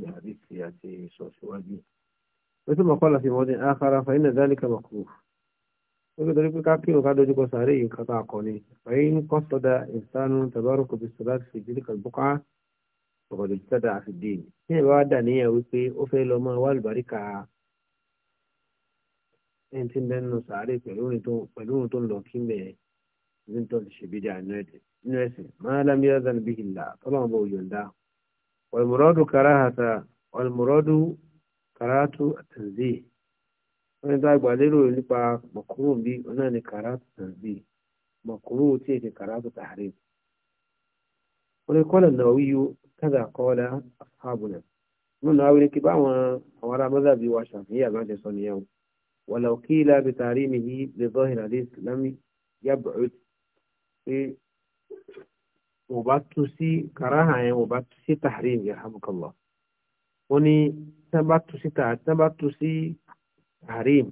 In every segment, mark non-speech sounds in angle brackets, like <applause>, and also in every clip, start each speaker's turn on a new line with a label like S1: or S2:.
S1: من حديث سياتي سوسوادي وثم قال في موضع آخر فإن ذلك مكروه وقد ربك أكيد وقد وجهك ساري انقطع قولي فإن قصد إنسان تبارك بالصلاة في تلك البقعة فقد ابتدع في الدين هي بعد أن هي وفي أوفي لما والبركة ẹni tí ń bẹnu sàárè pẹ̀lú ohun tó ń lọ kí mẹ́ẹ̀ ní tó ti ṣèbí dáa nínú ẹ̀sìn máa lámìíràn والمراد كراهة والمراد كراهة التنزيه wọ́n ní dágbà lérò nípa mọ̀kúrò bí náà ni kàràtù tanzih mọ̀kúrò tí èdè kàràtù tahrim wọ́n ní kọ́lẹ̀ náà wíyú kádà kọ́lá àfáàbùnà mú náà wí ní kí báwọn àwọn ará mọ́sàbí wa ṣàfihàn àbájẹ sọ nìyẹn wọ́n lọ kí ilá bi tahrimihi lè zọ́hìn àdé ìsìlámì yàbùrù pé ò bá tú sí kàráhà yẹn ò bá tú sí tahrim yarhamukallah wọ́n ní tán bá tú sí tán bá tú sí tahrim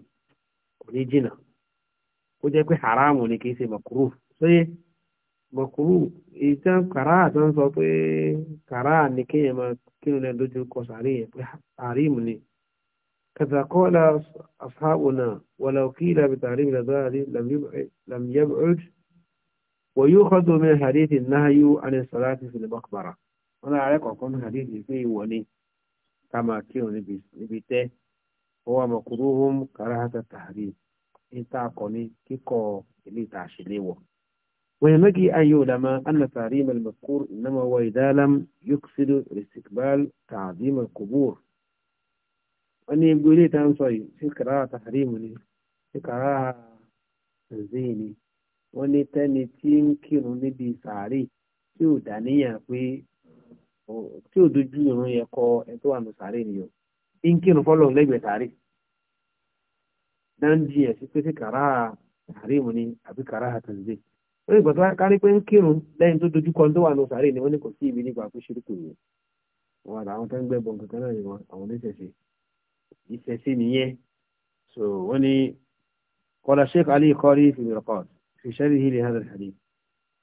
S1: kò ní jìnnà ó jẹ́ pé haramu ni kì í ṣe makuru sóyè makuru ìtàn kàráhà tó ń sọ pé kàráhà ni kéèyàn máa kírun lẹ́nu lójú kọ sàárè yẹn pé tahrim ni. كذا قال أصحابنا ولو قيل بتحريم ذلك لم يبعد لم يبعد ويؤخذ من الحديث النهي عن الصلاة في المقبرة أنا عليك أكون حديث في وني كما كيو نبيته هو مقروه كراهة التحريم إن تعقني كيكو اللي تعشليه ويمجي أن يعلم أن تعريم المذكور إنما هو إذا لم يكسد الاستقبال تعظيم القبور وأن يقول لي تنصي في كراهة تحريمني في كراهة تنزيني wọ́n ní tẹ́ni tí ń kírun níbi sàárè tí ò dàníyàn pé tí ò dojú kọ ẹ̀ tó wà ní sàárè nìyẹn ń kírun lẹ́gbẹ̀ẹ́ sàárè dáńdí ẹ̀ sí pé sí kàrá sàárè mu ni àbí kàrá àtàlùjẹ́ ní kárí pé ń kírun lẹ́yìn tó dojú kọ tó wà ní sàárè ni wọ́n ní kò sí ibi nípa fún ṣírùkù yẹn wọn àtàwọn tó ń gbẹ bọ̀ǹkan náà ni wọn àwọn nìyẹn so wọ́n ní kọ́lá Sheikh Ali في شرحه لهذا الحديث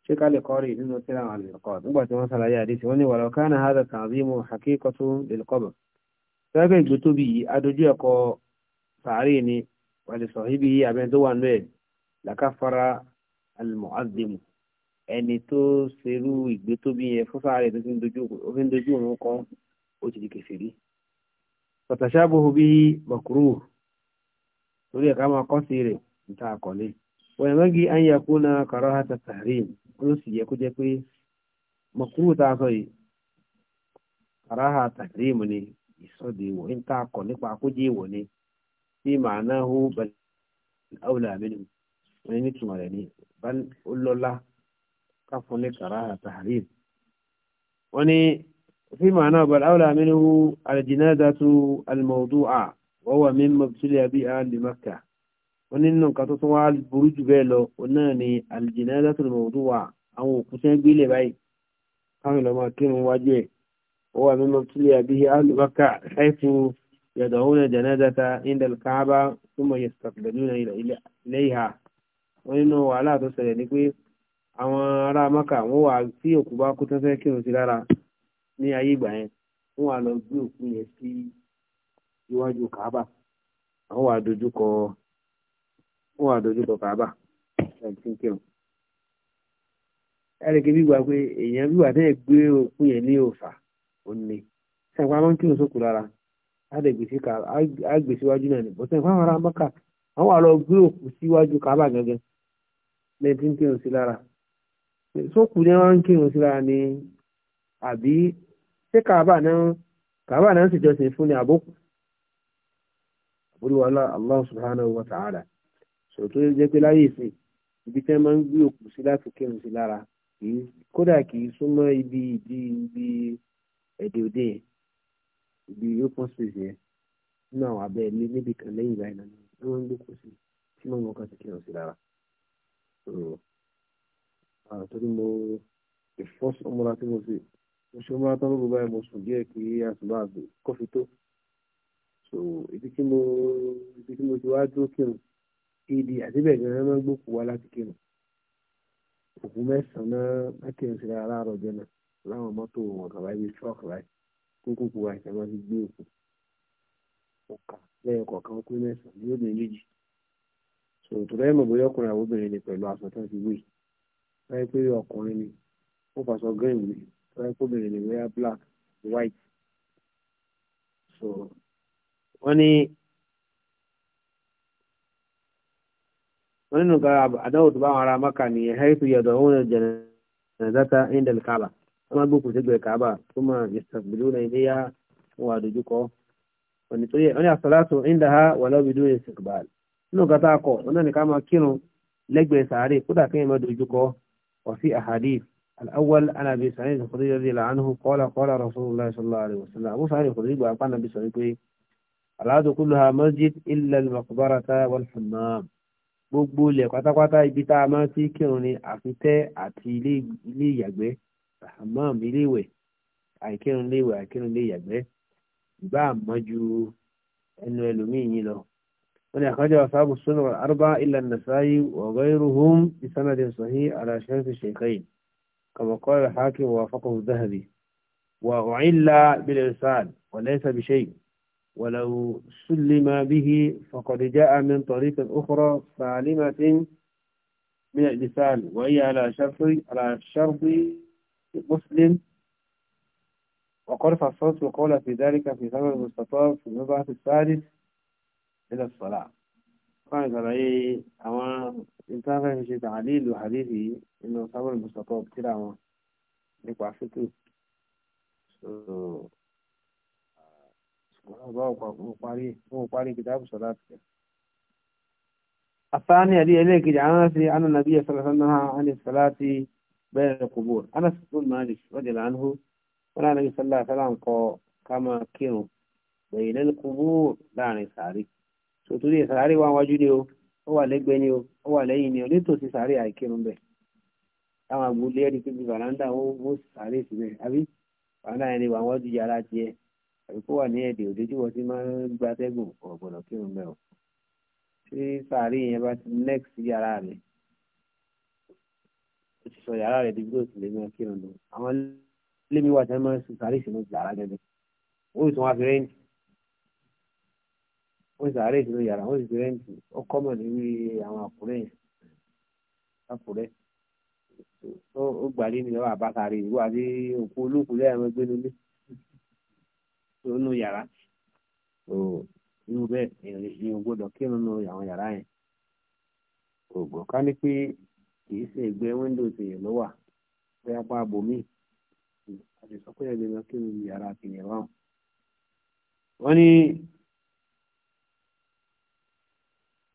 S1: شيخ علي قاري بن وسلم على الإلقاب نبعة مثل يا حديث وني ولو كان هذا التعظيم حقيقة للقبر فأبي الجتوبي أدجيكو فعريني ولصاحبه أبي دوان ميل لكفر المعظم ẹni tó ṣerú ìgbé tóbi yẹn fún fàárẹ̀ tó fi ń dojú òun kọ́ ó ti di kèfèrí pàtàṣàbò bí bàkúrò torí ẹ̀ka máa kọ́ sí rẹ̀ níta àkọlé wọ̀nyẹ̀mẹ́gi an yà kó na kàrọ́ hàtà tàhrín ó sì yẹ kó jẹ́ pé mọ̀kúrú tá a sọ yìí kàrọ́ hàtà tàhrín ni ìsọdẹ ìwọ̀ ń tà kọ̀ nípa kójú ìwọ̀ ni tí màá náà hó bẹ̀rẹ̀ àwòlà àmínú wọn ní tùmọ̀ rẹ̀ ni ó lọ́lá ká fún ní kàrọ́ hàtà tàhrín wọn ni في معناه بل أولى منه الجنازة الموضوعة وهو مما ابتلي بها لمكة wọn nínú nǹkan tó tún wá burú jù bẹ́ẹ̀ lọ òun náà ni al-janazatul mawdu'a àwọn òkú tí wọ́n gbélé báyìí káwọn ìlú ọmọ kírun wájú ẹ̀ ó wà mímọ́ tílé àbíyí alùbákà haifu yad'una janazata inda al-Kaaba thumma yastaqbiluna ilayha wọn nínú wàhálà tó ṣẹlẹ̀ ni pé àwọn ará Mákà wọ́n wà tí òkú bá kú tán kírun sí lára ní ayé ìgbà yẹn wọ́n wà lọ gbé òkú yẹn sí iwájú Kaaba àwọn wà dojú kọ ó wà dojúbọ kàábà ẹ̀ẹ́dínkìrún ẹ̀rẹ́gẹ́ wíwá pé èèyàn wíwá náà gbé òkú yẹn ní òòfà òní sẹ́ǹpá máa ń kírun sókù lára náà sẹ́ǹpá mọ́kà àwọn àlọ́ gbé òkú wọ́n ń kírun sí lára ni àbí ṣé náà náà ń ṣèjọsìn fún ni àbókù àbúrò Allah subhanahu wa ta'ala. sọ̀rọ̀ tó jẹ́ pé láyé ìsìn ibi tí wọ́n máa ń gbé òkú sí láti kírun sí lára kódà kì í súnmọ́ ibi ìdí ibi ẹ̀dẹ̀ òde yẹn ibi open space yẹn nínú àwọn abẹ́ ilé níbi kan lẹ́yìn ìgbà ìlànà tí wọ́n ń gbé òkú sí tí wọ́n mọ ọkàn sí kírun sí lára. torí mo ìfọ́sí ọmọlá tí mo ṣe mo ṣe ọmọlá tán lóko báyìí mo sùn díẹ̀ kí àtúbà kọfí tó ibi tí mo ibi tí mo ti wá dúró kírun èdè àtibẹ̀ gan-an máa ń gbókù wá láti kírun òkú mẹ́sàn-án náà kírun sí ara àárọ̀ jẹ́ náà láwọn mọ́tò ọ̀gá wa ibi truck láì kókókó wa ìṣẹ́ máa fi gbé òkú ọ̀kà lẹ́yìn kọ̀ọ̀kan ó pé mẹ́sàn-án ní obìnrin méjì sòtò lẹ́yìn mọ̀ bóyá ọkùnrin àwọn obìnrin ni pẹ̀lú aṣọ tó ń fi wé láyé pé ọkùnrin ni ó fàṣọ green wé láyé pé obìnrin ni wíyá black white so wọ́n ní. wọn nínú àdáwò tó bá wọn ara maka ní haitu yàtọ̀ òun jẹnẹdata indel kaaba wọn máa gbókùn sígbẹ kaaba tó máa yẹsàgbìlú náà ilé yá wọn wà dojúkọ wọn ni torí wọn ni àsọlátò inda ha wà lọ́bi dúró ìsìnkbal nínú kata akọ wọn náà ní ká máa kírun lẹ́gbẹ̀ẹ́ sàárè kódà kéèyàn máa dojúkọ wà sí ahadith الأول عن أبي سعيد الخدري رضي الله عنه قال قال رسول الله صلى الله عليه وسلم أبو سعيد الخدري قال الله عليه كلها مسجد إلا المقبرة والحمام gbogbo ilẹ̀ pátápátá ibi tá a máa ti kírun ni àfitẹ́ àti ilé ìyàgbẹ́ hammam ilé ìwẹ̀ àìkírun ilé àìkírun ilé ìyàgbẹ́ ìgbà àmọ́ ẹnu ẹlòmíì yín lọ. wọ́n ní àkájọ asáàbù súnà arba ilà nàṣáyí ọ̀gáyìrúhùn ìsánàdì sọ̀hí aláṣẹ́fì ṣèkẹ́yìn kàmọ̀kọ́ ìhàkì wà fọkàn zahabi wà wàhílà bílẹ̀ sáàd wà lẹ́sà ولو سلم به فقد جاء من طريق أخرى سالمة من اللسان وهي على شرط على شرط مسلم وقرف الصوت وقول في ذلك في زمن المستطاب في المبعث الثالث إلى الصلاة. قال ترى أما إنسان في تعليل وحديثي إنه صبر المستطاب كده نقع فكره. ọba òparí kìtàbù sọ̀rọ̀ àti ẹ̀. الثاني هذه إليك جعانس أن النبي صلى الله عليه وسلم عن الصلاة بين القبور أنس بن مالك رضي عنه ولا النبي صلى الله عليه وسلم كما كانوا بين القبور لا نساري o ó wà ni o o nítòsí sàárì àìkírun bẹ̀ táwọn àgbò àbí kó wà ní èdè òde tí wọ́n ti máa ń gbatẹ́gùn ọ̀gbọ̀nà kírun bẹ́ẹ̀ o tí sàárì yẹn bá ti next yàrá rẹ̀ ó ti sọ yàrá rẹ̀ di bí ó ti lè máa kírun lọ àwọn lémi wà tí wọ́n máa ń sun sàárì sínú yàrá gẹ́gẹ́ ó sì tún wá fi rẹ́ǹtì ó sì sàárì sínú yàrá ó sì fi rẹ́ǹtì ó kọ́mọ̀ níbi àwọn àkùrẹ́ yẹn àkùrẹ́ ó gbàdí ni wọ́n nínú yàrá o inú bẹ́ẹ̀ èèyàn gbọ́dọ̀ kírun nínú àwọn yàrá yẹn ògbọ́n ká ní pé kì ṣe ẹgbẹ́ wíńdò tèèyàn ló wà bóyá pa abòmíì a lè sọ lè lọ kírun nínú yàrá tèèyàn wà wọ́n ní.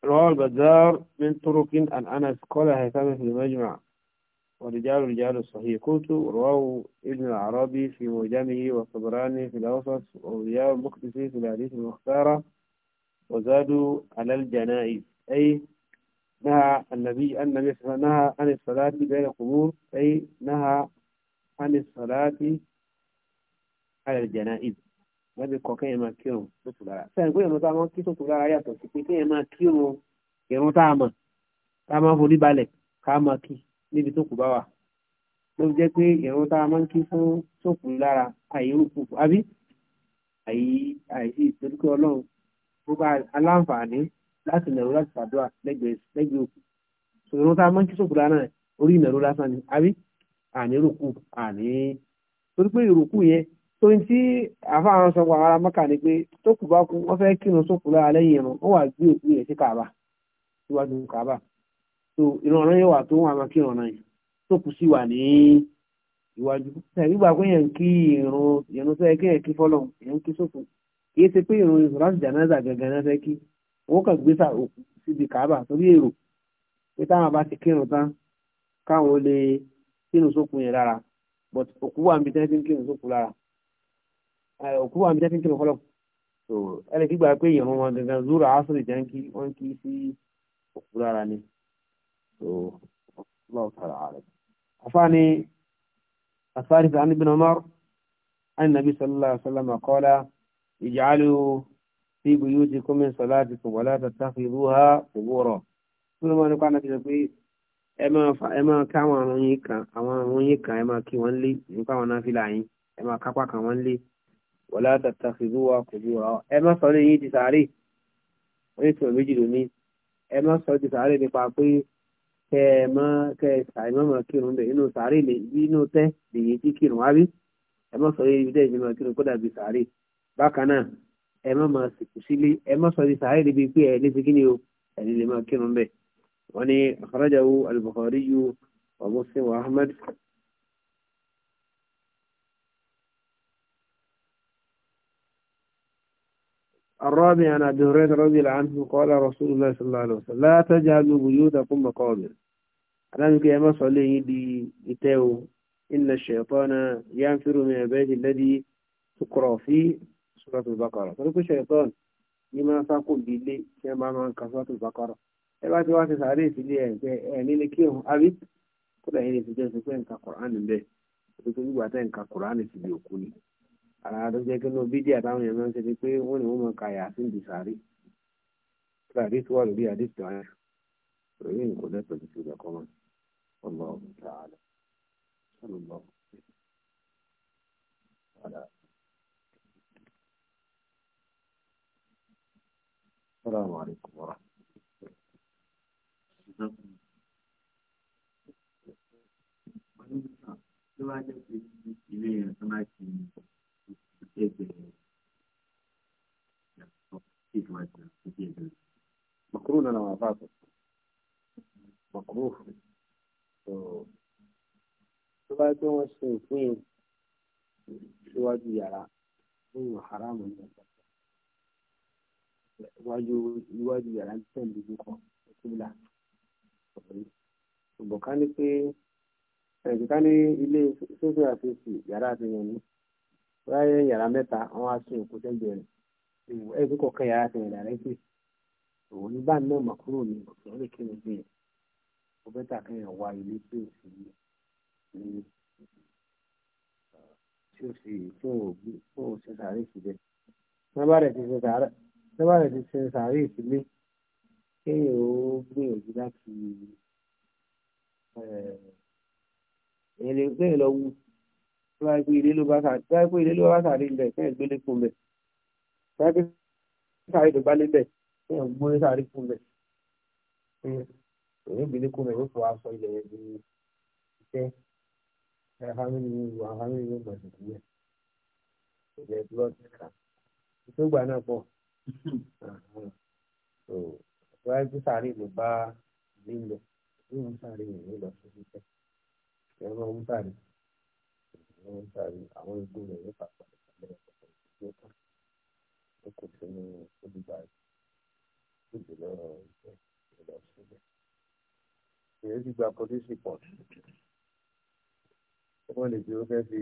S1: رواه ورجال رجال الصحيح قلت رواه ابن العربي في معجمه والطبراني في الأوسط ورجال المقدسي في الحديث المختارة وزادوا على الجنائز أي نهى النبي النبي نهى عن الصلاة بين القبور أي نهى عن الصلاة على الجنائز ما kan kẹ́yìn máa kírun tó tù lára sẹ́yìn pé ìrun tá a máa كيرو tó tù lára yàtọ̀ sí pé kẹ́yìn níbi tó kù bá wà ló jẹ́ pé ìrun tá a máa ń kí fún sókù lára àìrúkù àbí àìsí ìtòlúkọ ọlọ́run tó bá aláǹfààní láti ìnàró láti ṣàdúrà lẹ́gbẹ̀ẹ́ òkú so ìrun tá a máa ń kí sókù lára náà orí ìnàró lásán ni àbí ànírùkù àní torí pé ìrùkù yẹn tó ń tí àfáàrán sọ wàhálà mọ́kà ni pé tó kù bá kú wọ́n fẹ́ kírun sókù lára lẹ́yìn ìrun wọ́n wà gbé òkú yẹn sí kàbà síwájú kàbà so ìrànràn yẹn wà tó wọn àmọ́ kí ìrànràn yẹn tó kù sí wà ní ìwájú tàbí gbà pé yẹn kí ìrun ìrun tó yẹ kí yẹn kí fọlọ yẹn kí sófin kì í ṣe pé ìrun ìsọláṣì jànáza gangan náà fẹ́ kí wọn kàn gbé òkú síbi kàábà torí èrò pé táwọn bá ti kírun tán káwọn lè kírun sókun yẹn lára but òkú wà níbi tẹ́tí ń kírun sókun lára òkú wà níbi tẹ́tí ń kírun fọlọ ẹni kí gbà pé ìrun wọn gangan zúrà ásùrì jẹ́ ń kí wọ́n kí sí òkú lára ni so الله تعالى عالم عفاني الثالث عن ابن عمر أن النبي صلى الله عليه وسلم قال اجعلوا في بيوتكم من صلاتكم ولا تتخذوها قبورا كل ما نقول نبي نقول ẹ máa fa ẹ máa ká àwọn àrùn yín kan àwọn àrùn yín kan ẹ máa kí wọn lé nípa àwọn náfìlà yín ẹ máa kápá kan wọn lé wọlá tatakhidhuha qubura ẹ má sọ ní yín di sàárè oníṣòwò méjì lónìí ẹ má sọ di sàárè nípa pé kẹ ẹ mọ kẹ ẹ sàì mọ mọ kírun bẹ inú sàárè lè inú tẹ lèyí tí kírun wá rí ẹ mọ ma yìí dẹ ìjọba kírun kó dàbí sàárè bákan náà ẹ mọ mọ sìkú sílé ẹ mọ sọ yìí sàárè débi pé ẹ lé sí kíni o ẹ lè lè mọ kírun bẹ wọn ni akhrajahu al-Bukhari wa Muslim wa Ahmad. الرابع عن أبي هريرة رضي الله عنه قال رسول الله صلى الله عليه وسلم لا تجعلوا بيوتكم مقابر أنا يا ما صلي دي إتاو إن الشيطان ينفر من البيت الذي تقرأ فيه سورة البقرة فلك الشيطان لما ساقوا باللي كما من كسورة البقرة إبعت واسي سعري في لي يعني لكي أبيت كل هنا في جنس كان كقرآن به فلك يبعتين كقرآن في بيوكوني ara tó jẹ́ kí ló bídí àtàwọn èèyàn máa ń ṣe ni pé wọ́n ní wọ́n máa kàyà sí ìdí sàárì sàárì tó wà lórí àdìsí ayé lórí nǹkan lẹ́tọ̀ọ́ ti ti lẹ́kọ́ mọ́ ọlọ́run tààlà ọlọ́run tààlà. السلام عليكم ورحمة الله وبركاته. مكروه انا ما بعرف مكروه tó bá gbé wọn ṣe òfin yẹn síwájú yàrá nínú haramu ní iwájú iwájú yàrá ń tẹ̀ lójú kan ìkúlà ṣùgbọ́n ká ní pé ẹ̀jẹ̀ ká ní ilé ráyẹ yàrá mẹ́ta wọn á sún òkú sẹ́gbẹ̀ẹ́ rẹ̀ ìwọ ẹbí kọ̀ọ̀kan yàrá kan yàrá rẹ̀ sí òun ní báyìí náà màkúrò ní ọ̀sán lè kí ni bí ẹ̀ ó bẹ́tà kí ẹ̀ wá ilé tí ò sí ní tí ò sí tí ò gbé tí ò ṣe sàárè síbẹ̀ nọ́bà rẹ̀ ti ṣe sàárè nọ́bà rẹ̀ kéèyàn ó gbìyànjú láti ẹ̀ẹ́dẹ̀gbẹ́yìn lọ tó bá yẹ pé ilé ló bá sàrí tó bá yẹ pé ilé ló bá sàrí ń bẹ fẹ́ẹ̀ gbélé fún bẹ tó bá yẹ pé sàrí ló bá lé bẹ fẹ́ẹ̀ gbélé sàrí fún bẹ èyí gbélé fún bẹ yóò fọ aṣọ ilẹ̀ yẹn di iṣẹ́ àhámínú àhámínú yóò mọ̀ sí ìyẹn ilẹ̀ blọọdì kà tó gbà náà pọ̀ tó bá yẹ pé sàrí ló bá lé ń bẹ yóò mú sàrí lọ sí iṣẹ́ yóò mú sàrí àwọn ń sáré àwọn igbó rẹ̀ yóò pàpà ìpàdé ọ̀pọ̀ ìdílé kan ó kò sí ní olùgbà ìdílé lọ́rọ̀ ìgbẹ́ ìlọ sílẹ̀. èyí ti gba polisi pọ̀ ó wọ́n lè fi ó fẹ́ fi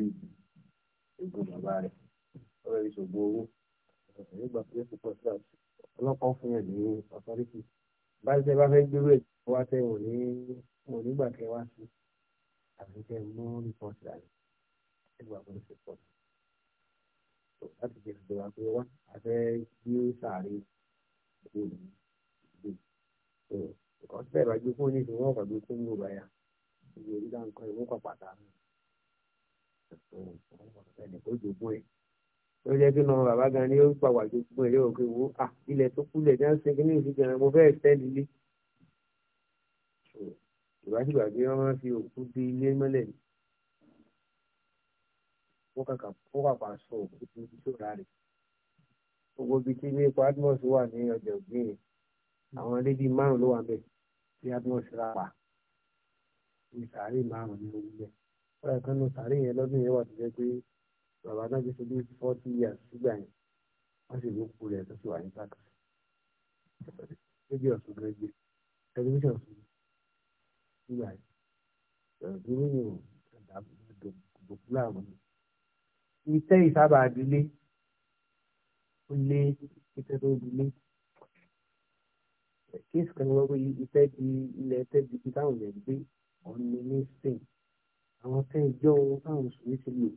S1: ìgò bàbá rẹ̀ ó rẹ̀ ìṣògbò owó èyí gba polisi pọ̀ sí àti ọlọ́pàá fún yẹn ní ọ̀tọ́rìkì báyìí tẹ́ bá fẹ́ gbérò ẹ̀ wá tẹ́ wọ́n ní wọ́n nígbà kẹ́ wá sí àfikẹ́ mú rìpọ́tì rẹ̀ ẹgbàá wọn ṣe pọ̀ tó láti jẹ́ ìjọba pé wá afẹ́ gbé sàárè gbé ní ìgbé tó ìkọ́ sílẹ̀ ìbájú fún ní ìṣòwò ọ̀pá gbé fún yorùbá yá ìwé orí náà ń kọ́ ìwé kan pàtàkì tó ẹnì kó jogún ẹ̀ tó jẹ́ kí náà bàbá gan ni ó pa wà jogún ẹ̀ yóò kí ah, ẹran mo fẹ́ẹ́ tẹ́ lílé ìbájú bàbá wọn fi òkú di ilé mọ́lẹ̀ ni kókàkà kókàkà sọ òkú ìṣòra rẹ̀ gbogbo ibi tí ilé epo atmos wà ní ọjà ògbìn àwọn ilé bíi márùn ló wà bẹ́ẹ̀ tí atmos ra pa ní sàárè márùn ní orí bẹ́ẹ̀ wọn yà kán nu sàárè yẹn lọ́dún yẹn wà tó jẹ́ pé bàbá náà ti ṣe bí forty years sígbà yẹn wọ́n sì ló kú rẹ̀ tó sì wà ní sáàkì lójú ọ̀sùn gan gbé tẹlifíṣàn sùn nígbà yẹn ìròyìn ìròyìn àdàbò dòkú láàmú ni iṣẹ́ ìsábà àdílé ó lé iṣẹ́ tó dilé kéèsì kan ní wọ́n pé iṣẹ́ di ilẹ̀ ẹ̀tẹ́ di ti táwọn èèyàn gbé ọ̀hún ni ní spain àwọn tẹ́ ìjọ ohun táwọn mùsùlùmí ti lò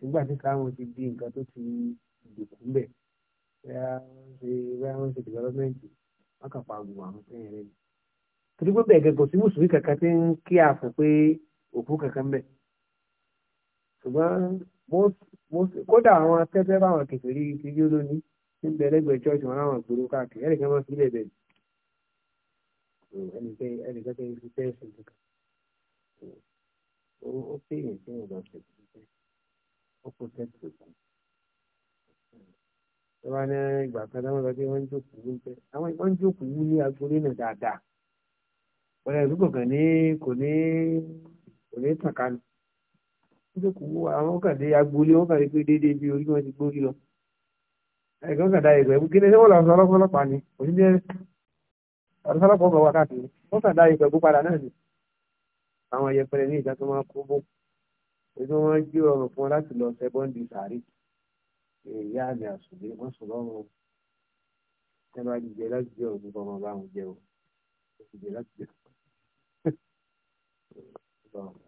S1: nígbà tí káwọn ti di nǹkan tó ti dìkú bẹ̀ bẹ́ẹ̀ ṣe bẹ́ẹ̀ wọ́n ṣe development wọ́n kà pa àgùn àwọn tẹ́yìn rẹ̀ ni torí pé bẹ́ẹ̀ gẹ́gọ́ sí mùsùlùmí kankan ti ń kí àfọ̀ pé òkú kankan bẹ̀ ṣùgbọ́n kódà àwọn akẹ́kẹ́ báwọn kẹfẹ́rí ti yó lónìí ní bẹ̀rẹ̀gbẹ̀ church wọn láwọn gbòòrò káàkiri ẹnì kan máa fi bẹ̀rẹ̀ bẹ̀rẹ̀ ẹnì kan kẹ́kẹ́ fi fẹ́ẹ́ sùn kankan
S2: ó péye tí wọn bá
S1: ṣe ṣiṣẹ́ ó kó tẹ́tù kù tó bá ní ìgbà kan táwọn sọ pé wọ́n ń jókòó wú pé àwọn wọ́n ń jókòó wú ní agboolé náà dáadáa ọ̀rẹ́ ìlú kọ̀ọ̀kan ní kò ní kò ní tàn kánú tó kò wó àwọn kàdé agboolé wọn kàdé pé déédéé bí orí wọn ti gbórí lọ ẹ̀gbọ́n kàdá ẹ̀gbẹ́ kí ni wọ́n lọ sọ ọlọ́pàá ni òṣìṣẹ́ ọ̀rọ̀ sọlọ́pàá ọkọ̀ wákàtí wọ́n kàdá ẹ̀gbẹ́ kó padà náà ni àwọn yẹpẹrẹ ní ìjà tó máa kó bó ètò wọn jí ọrùn fún wọn láti lọ sẹ́bọ́ǹdì sàárì ìyá mi àsùnlé wọ́n sùn lọ́rùn ẹ bá jẹ <laughs>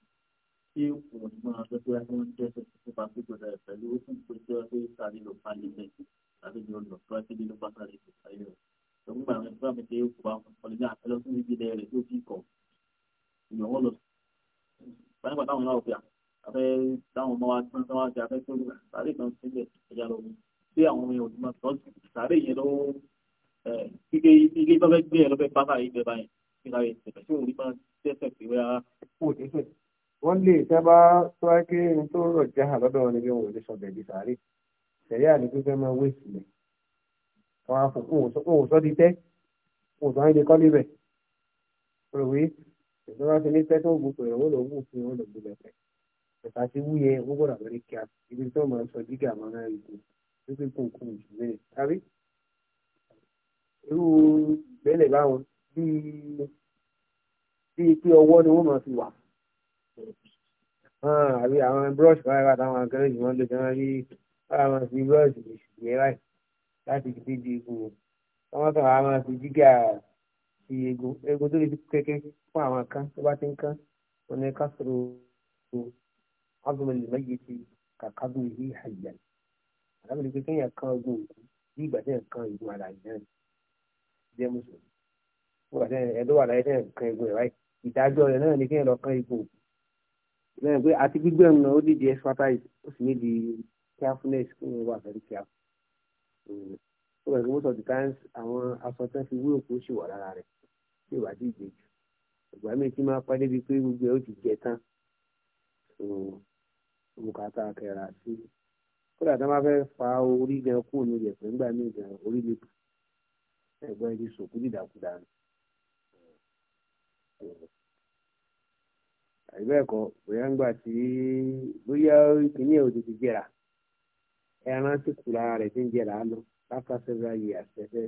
S1: tí òun ti máa fẹ́ bóyá kí wọ́n dẹ́sẹ̀ tó bá gbégbó rẹ̀ pẹ̀lú ó fún ìpèsè ọ̀sẹ̀ ìsàlẹ̀ ló bá nílẹ̀ tàbí ní olùlọ tó ẹsẹ̀ nínú pátálẹ̀ tó sáyé rẹ̀ tó ń gbà wọn fún àmì tí kò bá wọn kọ́lé ní àtẹ́lẹ́ fún ìdílé rẹ̀ tó fi kọ̀ ìyọ̀wọ́ lọ pàápàá táwọn náà fi àfẹ́ táwọn ọmọ wa tí lọ sí àwọn bá fẹ́ gbé bá sáré gbẹ báyìí kí sáré tẹ̀fẹ̀ tí òun rí máa tẹ́sẹ̀ pé wẹ́rẹ́ kó tẹ́sẹ̀ wọ́n lè sábà tó wá pé ohun tó rọ̀ já hàn lọ́dọ̀ wọn ni bí wọn ò lè sọ bẹ̀ẹ̀dì sàárè tẹ̀lé àdìgbò fẹ́ máa wé sílẹ̀ àwọn afọ̀kún òun sọ di tẹ́ òun sọ wọn lè kọ́ níbẹ̀ òwe ìjọba ti ní tẹ́tọ́ gbogbo ẹ̀wọ́ lọ wù fún wọn lọ́gbọ̀n lẹ́fẹ̀ ẹ̀ka ti wú yẹ gbọ́dọ̀ lórí kíá ibi tó máa sọ gíga máa ń rìn kù pípé kò kù jù bẹ́ẹ̀ pé ọwọ́ ni wọ́n máa fi wà Ah, àbí àwọn brush báyìí bá táwọn akẹ́rẹ́ yìí wọ́n lè jẹun rí báwa máa fi brush ìṣùgbẹ́ báyìí láti fi débi egun o wọ́n sọ àwọn máa fi jígà fi egun egun tó lè fi kéke fún àwọn kan tó bá ti ń kán wọn ní ká sọ̀rọ̀ o azọmọlẹ méje ti kàkà bí ìhí àyà àlábìlì pé kéèyàn kan ogun òkú bí ìgbà tẹ̀ kan ìlú àlàyé náà jẹ́ mùsùlùmí ìgbà tẹ̀ ẹ̀dọ́ àlàyé tẹ̀ kan egun ẹ̀ báyìí ìdájọ́ rẹ̀ náà ni kéèyàn lọ kan egun òkú lẹ́yìn pé àti gbígbẹ́ ọ̀nà ó dìde expertise ó sì níbi carefulness kí wọ́n wà very careful. Hmm. ó bẹ̀rẹ̀ pé most of the times àwọn aṣọ tán fi wí òkú ṣì wà lára rẹ̀ tí ìwà ti gbé jù ìgbà míì tí máa pẹ́ débi pé gbogbo ẹ̀ ó ti jẹ tán bùkátà hmm. kẹra sí kódà tí wọ́n bá fẹ́ fa orí gan kúrò ní ìyẹ̀pẹ̀ nígbà míì gan orí lè kù ẹgbẹ́ ti sòkú dìdàkudà ni. Hmm àìbẹ́ẹ̀kọ́ bóyá ń gbà tí bóyá kìíní ẹ̀ ò tètè jẹrà ẹran sì kù lára rẹ̀ tí ń jẹrà á lọ after several years ẹ̀fẹ́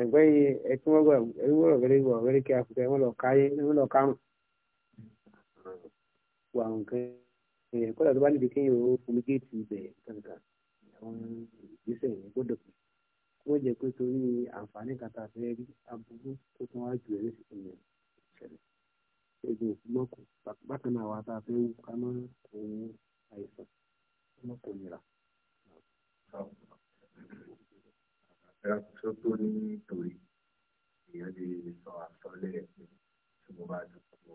S1: ẹ̀gbẹ́ yìí ẹ tí wọ́n gbà ẹ wọ́n lọ fẹ́rẹ́ wọ́n fẹ́rẹ́ kí afúkẹ́ wọ́n lọ káyé wọ́n lọ kárùn wọ àwọn nǹkan ẹ̀ kọ́lá tó bá níbi kéèyàn ó fumigate ibẹ̀ kankan àwọn ìgbésẹ̀ yẹn gbọ́dọ̀ pé wọ́n jẹ́ pé torí àǹfààní kàtà fẹ́ẹ́ rí aburú tó tún wá jù ẹ́ lẹ́sìn ìṣẹ̀lẹ̀ ẹ̀jẹ̀ ṣùgbọ́n kò bákan náà wà tá a fẹ́ wù ká má kó àìsàn ká má kó nira. Ìràkùsọ tó ní torí èèyàn lè sọ àsọlẹ̀ ẹ̀sìn tí mo bá dúró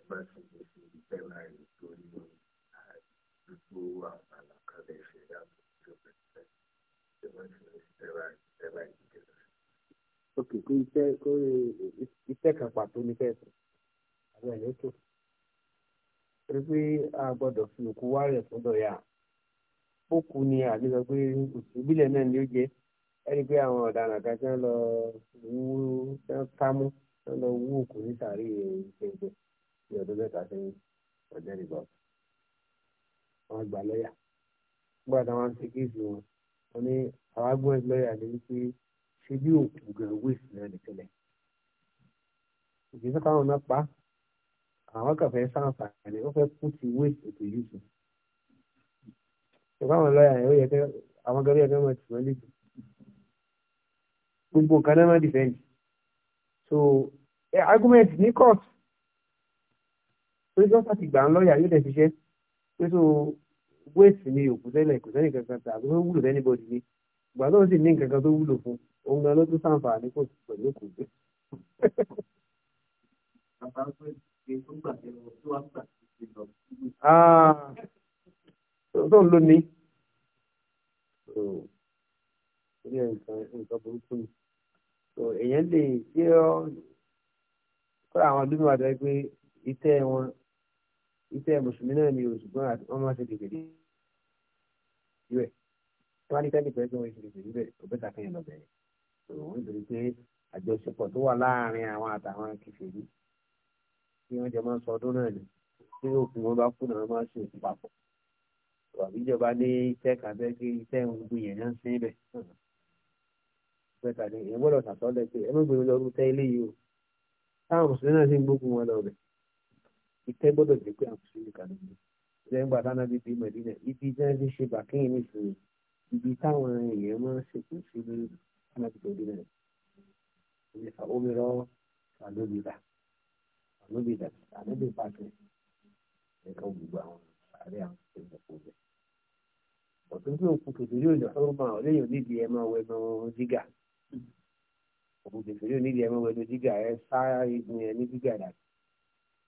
S1: ẹ má sì ní sí ìfẹ́ máa rí torí gbogbo àwọn àlàkalẹ̀ ìṣẹ̀lẹ̀ àbò tí ó bẹ̀rẹ̀ ẹ má sì ní sí ìfẹ́ máa ìfẹ́ máa rí ìjẹ́ lọ. Ok, kí iṣẹ́ kan pàtó ní fẹ́ àwọn èèyàn tó torí pé a gbọ́dọ̀ fi òkú wá rẹ̀ fún dọ̀yà òkú ni àdéhùn pé òsì ìbílẹ̀ náà ni ó jẹ́ ẹni pé àwọn ọ̀daràn kan tí wọ́n lọ wú tí wọ́n ká mú tí wọ́n lọ wú òkú ní sàárè ìṣèjọ ní ọdún mẹ́ta sẹ́yìn ọ̀jẹ́ nìbọn wọn gbà lọ́yà nígbà táwọn ń ṣe kéèsì wọn wọn ní àwọn agbóhùn lọ́yà ni wípé ṣe bí òkú gan wéèsì náà nìkẹ́lẹ̀ ìgbésẹ̀ káwọn náà pa á àwọn kan fẹ́ sàǹfààní ó fẹ́ put waste ètò yìí sùn ìbáwọn lọ́yà yẹn ó yẹ kẹ́ àwọn gẹ́gẹ́ bí ẹgbẹ́ wọn ti wọ́n lè jù gbogbo nǹkan náà máa dìfẹ́ǹdì so argument ní court pé dọ́tà ti gbà ń lọ́yà yóò dẹ̀ ṣiṣẹ́ pé so waste ni òkú tẹ́lẹ̀ kò sẹ́ni kankan tà àbí ó wúlò anybody ni ìgbà tó ń sì ní nǹkan kan tó wúlò fún òun gan ló tún sàǹfààní <laughs> tó ń lò ní. orí ẹ̀ nǹkan nǹkan burúkú ni èèyàn lè ṣe ọ́ kọ́ra àwọn ọdún wa dáa pé ìtẹ́ wọn ìtẹ́ mùsùlùmí náà ni òṣùgbọ́n wọ́n máa ṣe dèbèrè ìwẹ̀ tí wọ́n ní tẹ́lẹ̀ pẹ́ tí wọ́n ṣe dèbèrè ìwẹ̀ ọ̀bẹ́ta kẹ́yìn lọ bẹ̀rẹ̀ òun ìbèrè pé àjọṣepọ̀ tó wà láàárín àwọn àtàwọn kìfèrí tí wọ́n jẹ máa sọ ọdún náà ni tí òfin wọn bá kùnà wọn máa ṣe òfin papọ̀ tàbí ìjọba ní iṣẹ́ kàbẹ́ kí iṣẹ́ gbogbo yẹn náà sí ibẹ̀ pẹ́ta ni èèyàn gbọ́dọ̀ sàtọ́lẹ̀ pé ẹ mọ̀gbìn lọ rú tẹ́ ilé yìí o táwọn mùsùlùmí náà sì ń gbógun wọn lọ bẹ̀ ìtẹ́ gbọ́dọ̀ jẹ́ pé àwọn mùsùlùmí kan ló ń bọ̀ lẹ́yìn gbà dáná bíbí mẹ̀dínà ibi tí wọ́n ti ṣe bàkíyìn nìsín ibi táwọn èèyàn máa ń ṣèkú sí ní alábìtò ìdílé rẹ̀ omi rọ́ àlóbi ànábì dà ànábì pàṣẹ nǹkan gbogbo àwọn àárẹ̀ àwọn ìṣẹ̀lẹ̀ kò bẹ̀. ọ̀tún tí òkú kẹfìrí òjò ọ̀rọ̀ máa ọ̀lẹ́yìn onídìí ẹ̀ máa wẹnu jígà òkú kẹfìrí onídìí ẹ̀ máa wẹnu jígà ẹ̀ sá igun ẹ̀ ní jígà dà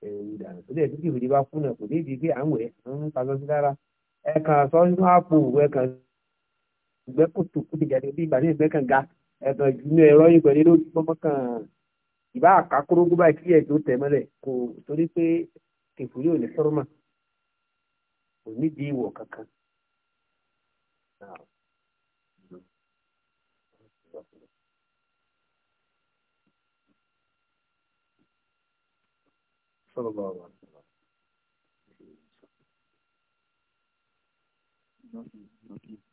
S1: ẹ̀rù dànù tó dẹ̀ tí kẹfìrí bá kùnà kò ní ìdí à ń wẹ̀ ẹ̀ kàn sọ ìbá àkàkúrógó báyìí kí ẹ̀jọ́ tẹ̀ mọ́lẹ̀ kò torí pé kẹfùrí ò ní sọ́rọ́mà kò nídìí ìwọ̀ kankan. صلى الله